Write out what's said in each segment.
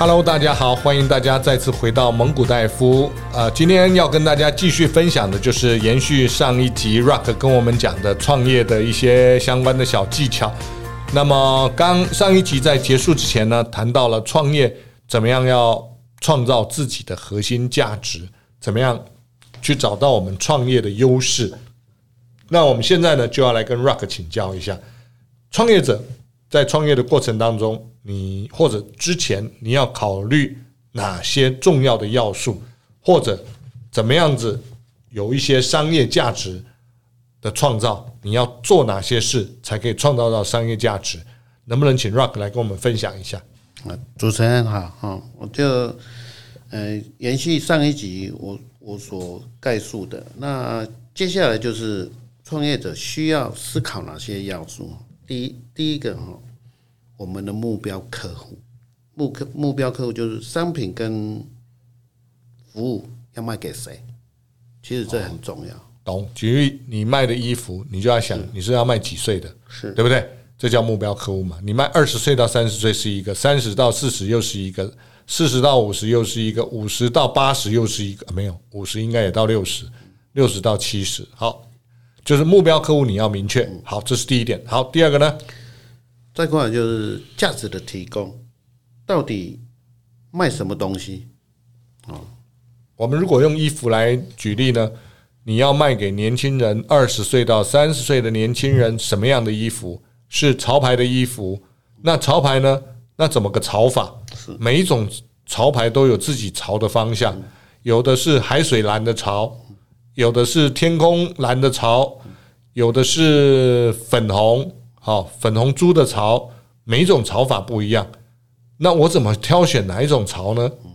Hello，大家好，歡迎大家再次回到萌骨戴夫。呃，今天要跟大家繼續分享的就是延續上一集 Rock 跟我們講的創業的一些相關的小技巧。那麼剛上一集在結束之前呢，談到了創業怎麼樣要創造自己的核心價值，怎麼樣去找到我們創業的優勢。那我們現在呢，就要來跟 Rock 請教一下，創業者在創業的過程當中，你或者之前你要考慮哪些重要的要素，或者怎麼樣子有一些商業價值的創造，你要做哪些事才可以創造到商業價值？能不能請 Rock 來跟我們分享一下？啊，主持人好哈，我就呃延續上一集我我所概述的，那接下來就是創業者需要思考哪些要素。第一，第一個哈。我們的目標客戶，目客目標客戶就是商品跟服務要賣給誰，其實這很重要。哦，懂，比如你賣的衣服，你就要想你是要賣幾歲的，是，是，對不對？這叫目標客戶嘛。你賣二十歲到三十歲是一個，三十到四十又是一個，四十到五十又是一個，五十到八十又是一個，啊，沒有，五十應該也到六十，六十到七十。好，就是目標客戶你要明確。好，這是第一點。好，第二個呢？再過來就是價值的提供，到底賣什麼東西？我們如果用衣服來舉例呢？你要賣給年輕人，二十歲到三十歲的年輕人什麼樣的衣服？是潮牌的衣服？那潮牌呢？那怎麼個潮法？每一種潮牌都有自己潮的方向，有的是海水藍的潮，有的是天空藍的潮，有的是粉紅。哦，粉紅豬的巢，每一種巢法不一樣，那我怎麼挑選哪一種巢呢？嗯，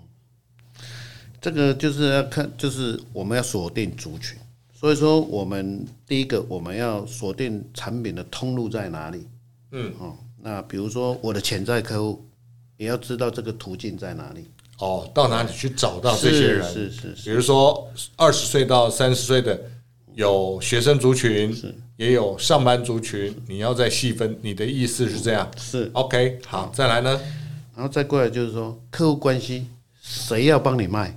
這個就是要看，就是我們要鎖定族群，所以說我們第一個我們要鎖定產品的通路在哪裡？嗯，哦，那比如說我的潛在客戶，你要知道這個途徑在哪裡？哦，到哪裡去找到這些人？是是是，是是是，比如說二十歲到三十歲的。有學生族群，是也有上班族群，是你要再細分。你的意思是這樣？是 OK，好，再來呢？然後再過來就是說，客戶關係誰要幫你賣？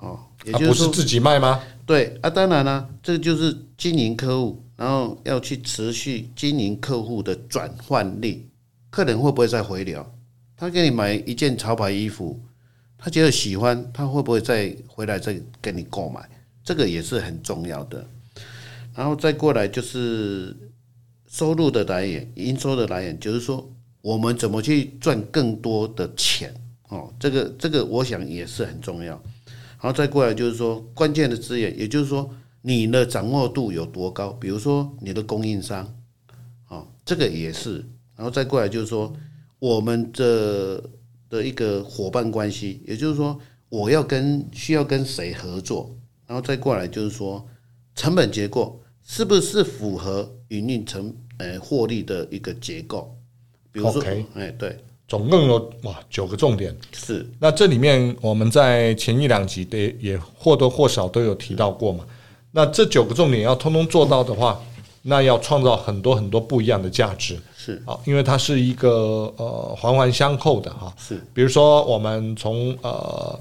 哦，也就是,、啊、不是自己賣嗎？對啊，當然了、啊，這個、就是經營客戶，然後要去持續經營客戶的轉換力。客人會不會再回流？他給你買一件潮牌衣服，他覺得喜歡，他會不會再回來再給你購買？這個也是很重要的。然後再過來就是收入的來源，營收的來源，就是說我們怎麼去賺更多的錢。哦，這個這個我想也是很重要。然後再過來就是說關鍵的資源，也就是說你的掌握度有多高，比如說你的供應商。哦，這個也是。然後再過來就是說我們的的一個夥伴關係，也就是說我要跟，需要跟誰合作。然後再過來就是說成本結構。是不是符合營運成呃、欸、獲利的一個結構？比如說，哎 Okay.、欸，對，總共有哇九個重點。是。那這裡面我們在前一兩集的也，也或多或少都有提到過嘛。是那這九個重點要通通做到的話，那要創造很多很多不一樣的價值。是啊，因為它是一個呃環環相扣的哈。是。比如說，我們從呃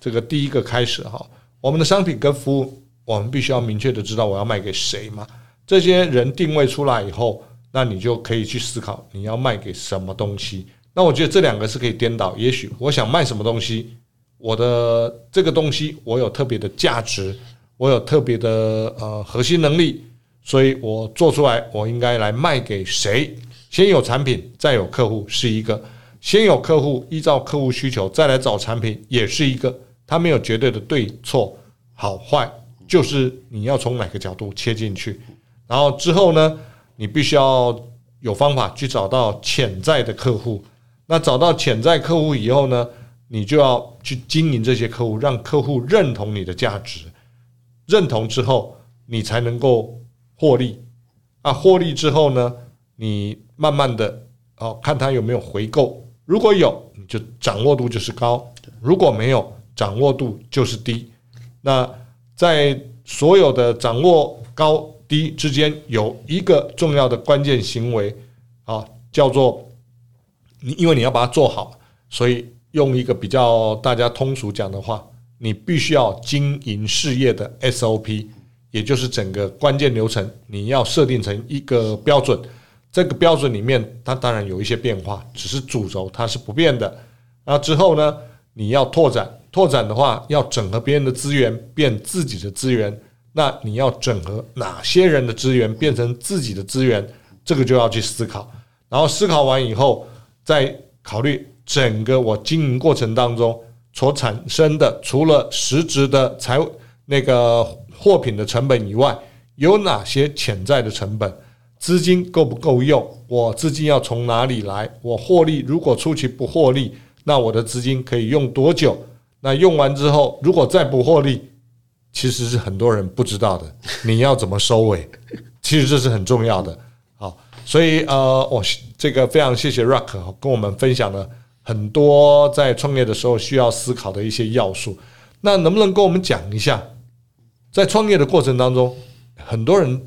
這個第一個開始哈，我們的商品跟服務。我們必須要明確的知道我要賣給誰嘛？這些人定位出來以後，那你就可以去思考你要賣給什麼東西。那我覺得這兩個是可以顛倒。也許我想賣什麼東西，我的這個東西我有特別的價值，我有特別的呃核心能力，所以我做出來我應該來賣給誰？先有產品再有客戶是一個，先有客戶依照客戶需求再來找產品也是一個。它沒有絕對的對錯好壞。就是你要從哪個角度切進去，然後之後呢，你必須要有方法去找到潛在的客戶。那找到潛在客戶以後呢，你就要去經營這些客戶，讓客戶認同你的價值。認同之後，你才能夠獲利。那獲利之後呢，你慢慢的哦，看他有沒有回購。如果有，你就掌握度就是高；如果沒有，掌握度就是低。那在所有的掌握高低之間，有一個重要的關鍵行為，啊，叫做你，因為你要把它做好，所以用一個比較大家通俗講的話，你必須要經營事業的 SOP，也就是整個關鍵流程，你要設定成一個標準。這個標準裡面，它當然有一些變化，只是主軸它是不變的。那之後呢，你要拓展。拓展的話，要整合別人的資源變自己的資源。那你要整合哪些人的資源變成自己的資源？這個就要去思考。然後思考完以後，再考慮整個我經營過程當中所產生的，除了實質的財務那個貨品的成本以外，有哪些潛在的成本？資金夠不夠用？我資金要從哪裡來？我獲利如果初期不獲利，那我的資金可以用多久？那用完之後，如果再不獲利，其實是很多人不知道的。你要怎麼收尾？其實這是很重要的。好，所以呃，我這個非常謝謝 Rock 跟我們分享了很多在創業的時候需要思考的一些要素。那能不能跟我們講一下，在創業的過程當中，很多人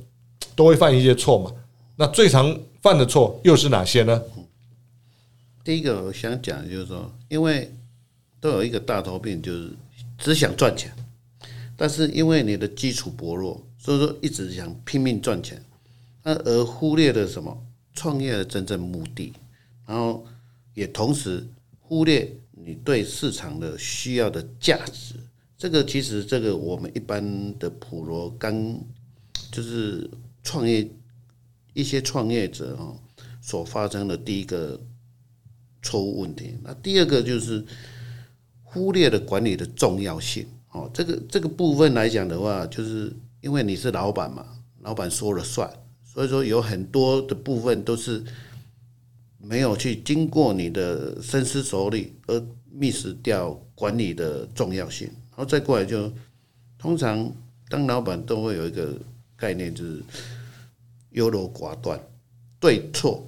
都會犯一些錯嘛？那最常犯的錯又是哪些呢？第一個我想講就是說，因為都有一個大頭病，就是只想賺錢，但是因為你的基礎薄弱，所以說一直想拼命賺錢，那而忽略了什麼創業的真正目的，然後也同時忽略你對市場的需要的價值。這個其實這個我們一般的普羅剛就是創業一些創業者哦所發生的第一個錯誤問題。那第二個就是。忽略了管理的重要性，哦，這個這個部分來講的話，就是因為你是老闆嘛，老闆說了算，所以說有很多的部分都是沒有去經過你的深思熟慮而 miss 掉管理的重要性，然後再過來就通常當老闆都會有一個概念，就是優柔寡斷，對錯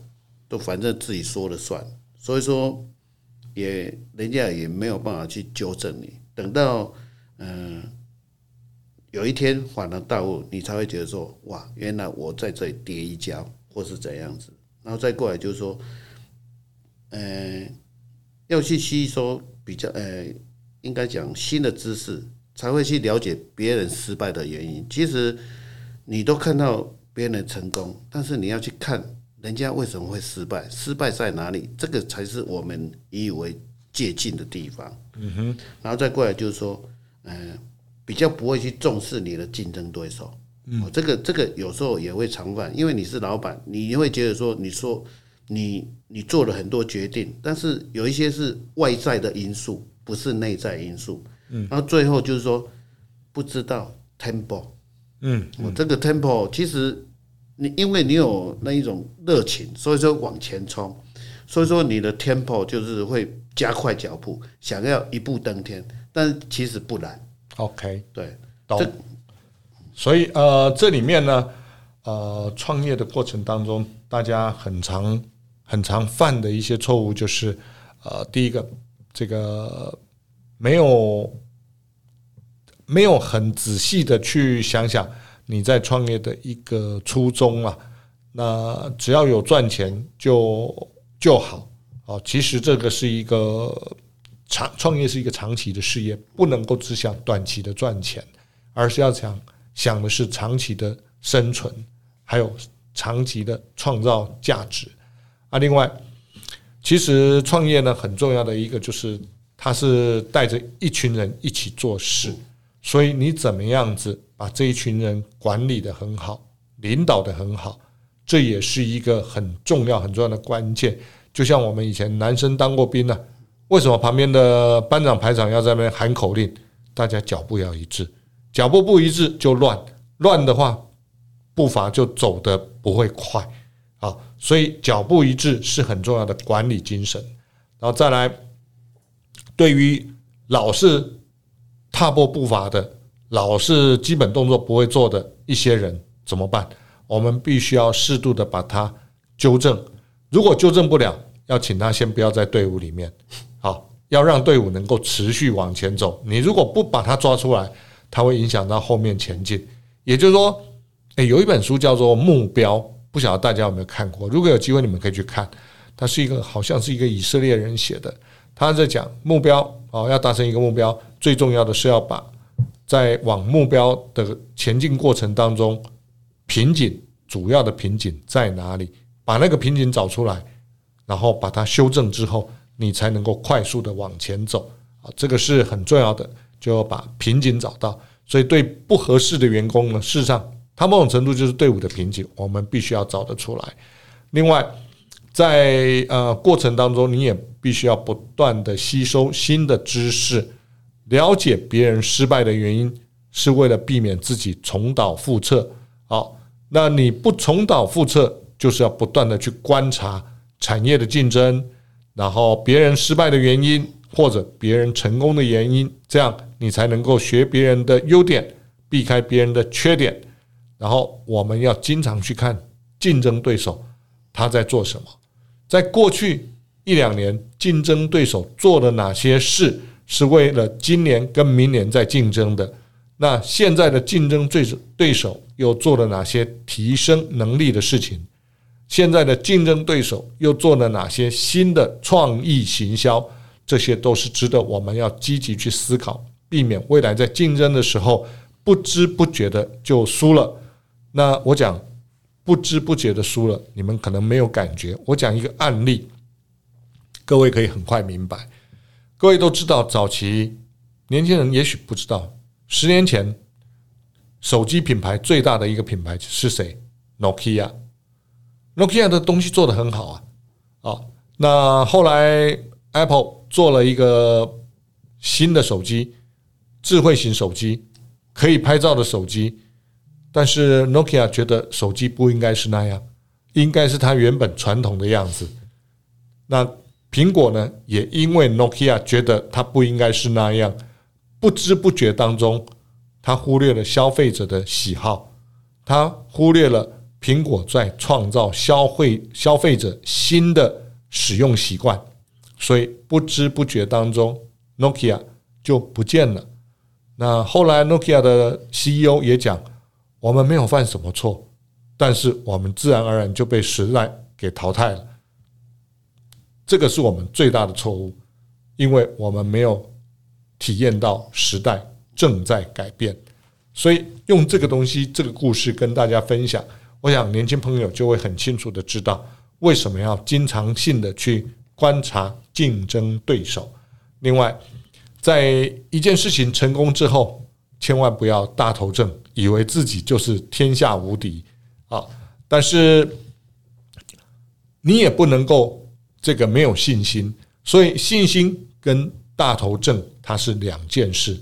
都反正自己說了算，所以說。也人家也沒有辦法去糾正你，等到嗯、呃、有一天恍然大悟，你才會覺得說，哇，原來我在這裡跌一跤，或是怎樣子，然後再過來就是說，呃，要去吸收比較呃，應該講新的知識，才會去了解別人失敗的原因。其實你都看到別人的成功，但是你要去看。人家為什麼會失敗？失敗在哪裡？這個才是我們以為借鑑的地方。嗯哼、uh，huh. 然後再過來就是說，嗯、呃，比較不會去重視你的競爭對手。嗯、uh huh. 哦，這個這個有時候也會常犯，因為你是老板，你會覺得說，你說你你做了很多決定，但是有一些是外在的因素，不是內在因素。嗯、uh，huh. 然後最後就是說，不知道 temple。嗯、uh，我、huh. 哦、這個 temple 其實。你因為你有那一種熱情，所以說往前衝，所以說你的 tempo 就是會加快腳步，想要一步登天，但是其實不然。OK，對，懂這所以呃，這裡面呢，呃，創業的過程當中，大家很常很常犯的一些錯誤就是，呃，第一個，這個沒有沒有很仔細的去想想。你在創業的一個初衷啊，那只要有賺錢就就好啊！其實這個是一個長，創業是一個長期的事業，不能夠只想短期的賺錢，而是要想，想的是長期的生存，還有長期的創造價值啊！另外，其實創業呢，很重要的一個就是，它是帶着一群人一起做事，所以你怎麼樣子？把這一群人管理的很好，領導的很好，這也是一個很重要很重要的關鍵。就像我們以前男生當過兵啊，為什麼旁邊的班長排長要在那邊喊口令？大家腳步要一致，腳步不一致就亂，亂的話步伐就走的不會快啊。所以腳步一致是很重要的管理精神。然後再來，對於老是踏步步伐的。老是基本動作不會做的一些人怎麼辦？我們必須要適度的把他糾正。如果糾正不了，要請他先不要在隊伍裡面。好，要讓隊伍能夠持續往前走。你如果不把他抓出來，他會影響到後面前進。也就是說，欸，有一本書叫做《目標》，不曉得大家有沒有看過？如果有機會，你們可以去看。他是一個好像是一個以色列人寫的，他在講目標。哦，要達成一個目標，最重要的是要把。在往目標的前進過程當中，瓶頸主要的瓶頸在哪裡？把那個瓶頸找出來，然後把它修正之後，你才能夠快速的往前走啊！這個是很重要的，就要把瓶頸找到。所以，對不合適的員工呢，事實上他某種程度就是隊伍的瓶頸，我們必須要找得出來。另外，在呃過程當中，你也必須要不斷的吸收新的知識。了解別人失敗的原因，是為了避免自己重蹈覆轍。好，那你不重蹈覆轍，就是要不斷地去觀察產業的競爭，然後別人失敗的原因，或者別人成功的原因，這樣你才能夠學別人的優點，避開別人的缺點。然後，我們要經常去看競爭對手，他在做什麼，在過去一兩年，競爭對手做了哪些事。是為了今年跟明年在競爭的，那現在的競爭對手對手又做了哪些提升能力的事情？現在的競爭對手又做了哪些新的創意行銷？這些都是值得我們要積極去思考，避免未來在競爭的時候不知不覺的就輸了。那我講不知不覺的輸了，你們可能沒有感覺。我講一個案例，各位可以很快明白。各位都知道，早期年輕人也許不知道，十年前手機品牌最大的一個品牌是誰？Nokia。Nokia Nokia 的東西做得很好啊。啊、哦，那後來 Apple 做了一個新的手機，智慧型手機，可以拍照的手機，但是 Nokia、ok、覺得手機不應該是那樣，應該是它原本傳統的樣子。那。蘋果呢，也因為 Nokia 覺得它不應該是那樣，不知不覺當中，它忽略了消費者的喜好，它忽略了蘋果在創造消費消費者新的使用習慣，所以不知不覺當中，Nokia 就不見了。那後來 Nokia 的 CEO 也講，我們沒有犯什麼錯，但是我們自然而然就被時代給淘汰了。這個是我們最大的錯誤，因為我們沒有體驗到時代正在改變，所以用這個東西、這個故事跟大家分享，我想年輕朋友就會很清楚的知道為什麼要經常性的去觀察競爭對手。另外，在一件事情成功之後，千萬不要大頭症，以為自己就是天下無敵啊！但是你也不能夠。這個沒有信心，所以信心跟大頭症它是兩件事。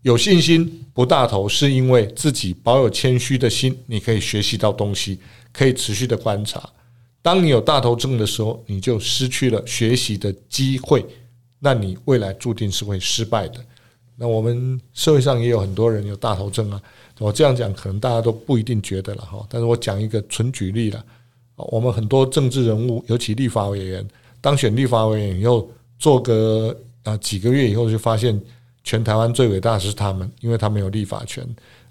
有信心不大頭，是因為自己保有謙虛的心，你可以學習到東西，可以持續的觀察。當你有大頭症的時候，你就失去了學習的機會，那你未來注定是會失敗的。那我們社會上也有很多人有大頭症啊，我這樣講可能大家都不一定覺得了哈，但是我講一個純舉例了。我們很多政治人物，尤其立法委員，當選立法委員以後，做個啊幾個月以後，就發現全台灣最偉大的是他們，因為他們有立法權，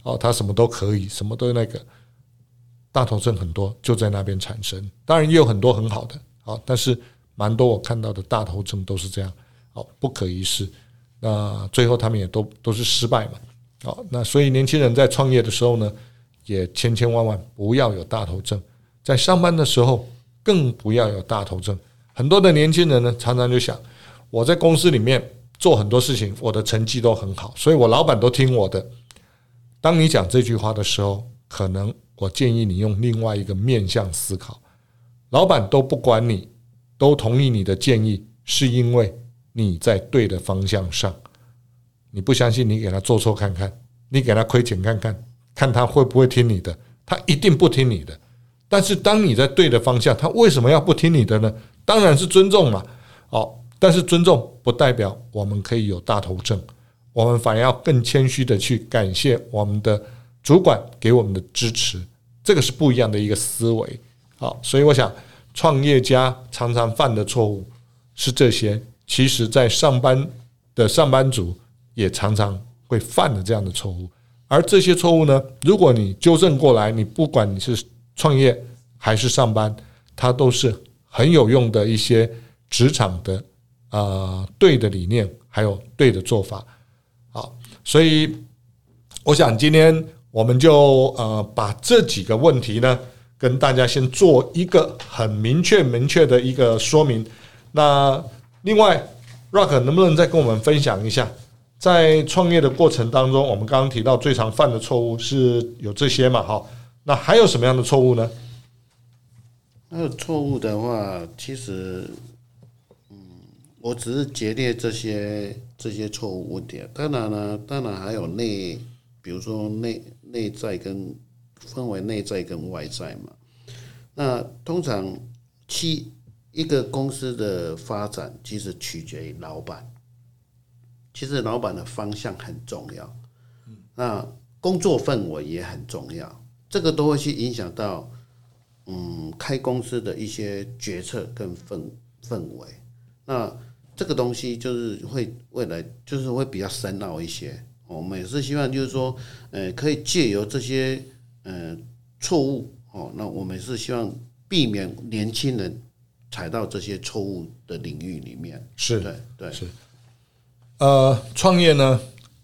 哦，他什麼都可以，什麼都那個大頭症很多就在那邊產生，當然也有很多很好的，好，哦，但是蠻多我看到的大頭症都是這樣，哦，不可一世，那最後他們也都都是失敗嘛，哦，那所以年輕人在創業的時候呢，也千千萬萬不要有大頭症。在上班的時候，更不要有大頭症。很多的年輕人呢，常常就想，我在公司裡面做很多事情，我的成績都很好，所以我老板都聽我的。當你講這句話的時候，可能我建議你用另外一個面向思考。老板都不管你，都同意你的建議，是因為你在對的方向上。你不相信你給他做錯看看，你給他虧錢看看，看他會不會聽你的，他一定不聽你的。但是當你在對的方向，他為什麼要不聽你的呢？當然是尊重嘛。哦，但是尊重不代表我們可以有大頭症，我們反而要更謙虛的去感謝我們的主管給我們的支持，這個是不一樣的一個思維，好，所以我想，創業家常常犯的錯誤是這些，其實，在上班的上班族也常常會犯的這樣的錯誤，而這些錯誤呢，如果你糾正過來，你不管你是。創業還是上班，它都是很有用的一些職場的呃、對的理念，還有對的做法。好，所以我想今天我們就呃、把這幾個問題呢，跟大家先做一個很明確明確的一個說明。那另外，Rock 能不能再跟我們分享一下，在創業的過程當中，我們剛剛提到最常犯的錯誤是有這些嘛。哈。那還有什麼樣的錯誤呢？那錯誤的話，其實，嗯，我只是節列這些這些錯誤問題。當然了，當然還有內，比如說內內在跟分為內在跟外在嘛。那通常七一個公司的發展，其實取決於老闆。其實老闆的方向很重要，那工作氛圍也很重要。這個都會去影響到，嗯，開公司的一些決策跟氛氛圍。那這個東西就是會未來就是會比較深奧一些。我們也是希望就是說，呃，可以借由這些呃錯誤，哦，那我們是希望避免年輕人踩到這些錯誤的領域裡面。是對對是。呃，創業呢，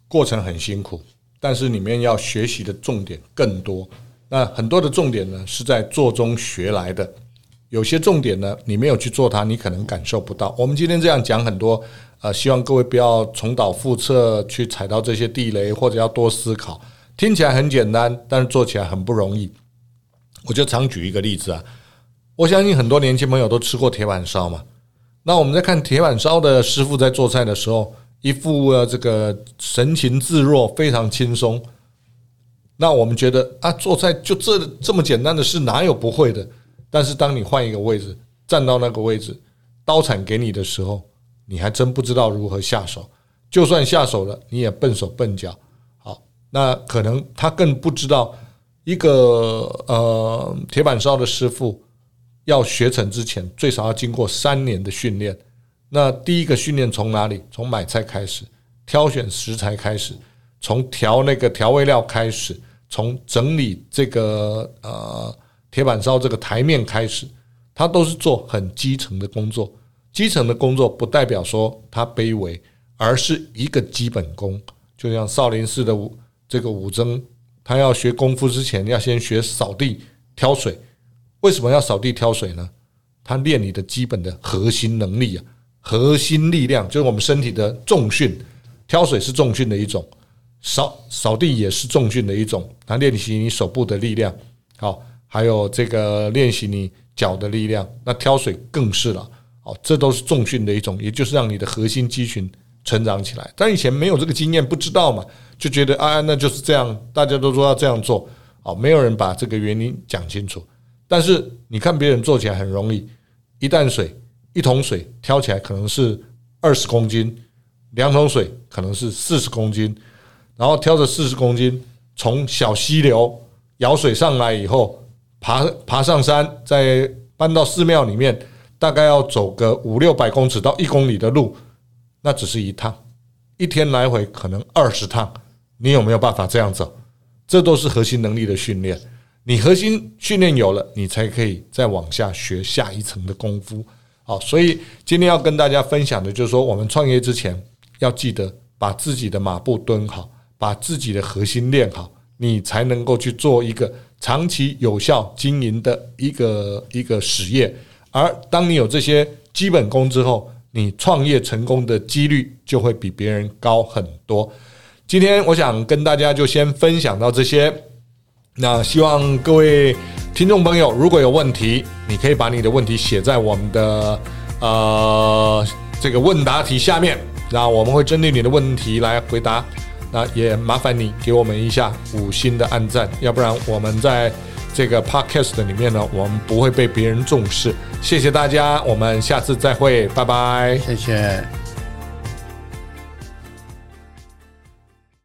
過程很辛苦，但是裡面要學習的重點更多。那很多的重點呢，是在做中學來的。有些重點呢，你沒有去做它，你可能感受不到。我們今天這樣講很多，呃，希望各位不要重蹈覆轍，去踩到這些地雷，或者要多思考。聽起來很簡單，但是做起來很不容易。我就常舉一個例子啊，我相信很多年輕朋友都吃過鐵板燒嘛。那我們在看鐵板燒的師傅在做菜的時候，一副這個神情自若，非常輕鬆。那我們覺得啊，做菜就這這麼簡單的事，哪有不會的？但是當你換一個位置，站到那個位置，刀鏟給你的時候，你還真不知道如何下手。就算下手了，你也笨手笨腳。好，那可能他更不知道一個呃鐵板燒的師傅要學成之前，最少要經過三年的訓練。那第一個訓練從哪裡？從買菜開始，挑選食材開始，從調那個調味料開始。從整理這個呃鐵板燒這個台面開始，他都是做很基層的工作。基層的工作不代表說他卑微，而是一個基本功。就像少林寺的這個武僧，他要學功夫之前，要先學掃地、挑水。為什麼要掃地、挑水呢？他練你的基本的核心能力啊，核心力量就是我們身體的重訓。挑水是重訓的一種。掃掃地也是重訓的一種，它練習你手部的力量，好，還有這個練習你腳的力量。那挑水更是了，好，這都是重訓的一種，也就是讓你的核心肌群成長起來。但以前沒有這個經驗，不知道嘛，就覺得啊，那就是這樣，大家都說要這樣做，好，沒有人把這個原因講清楚。但是你看別人做起來很容易，一擔水、一桶水挑起來可能是二十公斤，兩桶水可能是四十公斤。然後挑着四十公斤從小溪流舀水上來以後，爬爬上山，再搬到寺廟裡面，大概要走個五六百公尺到一公里的路，那只是一趟，一天來回可能二十趟，你有沒有辦法這樣走？這都是核心能力的訓練，你核心訓練有了，你才可以再往下學下一層的功夫。好，所以今天要跟大家分享的就是說，我們創業之前要記得把自己的馬步蹲好。把自己的核心練好，你才能夠去做一個長期有效經營的一個一個實業。而當你有這些基本功之後，你創業成功的幾率就會比別人高很多。今天我想跟大家就先分享到這些。那希望各位聽眾朋友，如果有問題，你可以把你的問題寫在我們的呃這個問答題下面，那我們會針對你的問題來回答。那也麻煩你給我們一下五星的按讚，要不然我們在這個 podcast 裡面呢，我們不會被別人重視。謝謝大家，我們下次再會，拜拜，謝謝。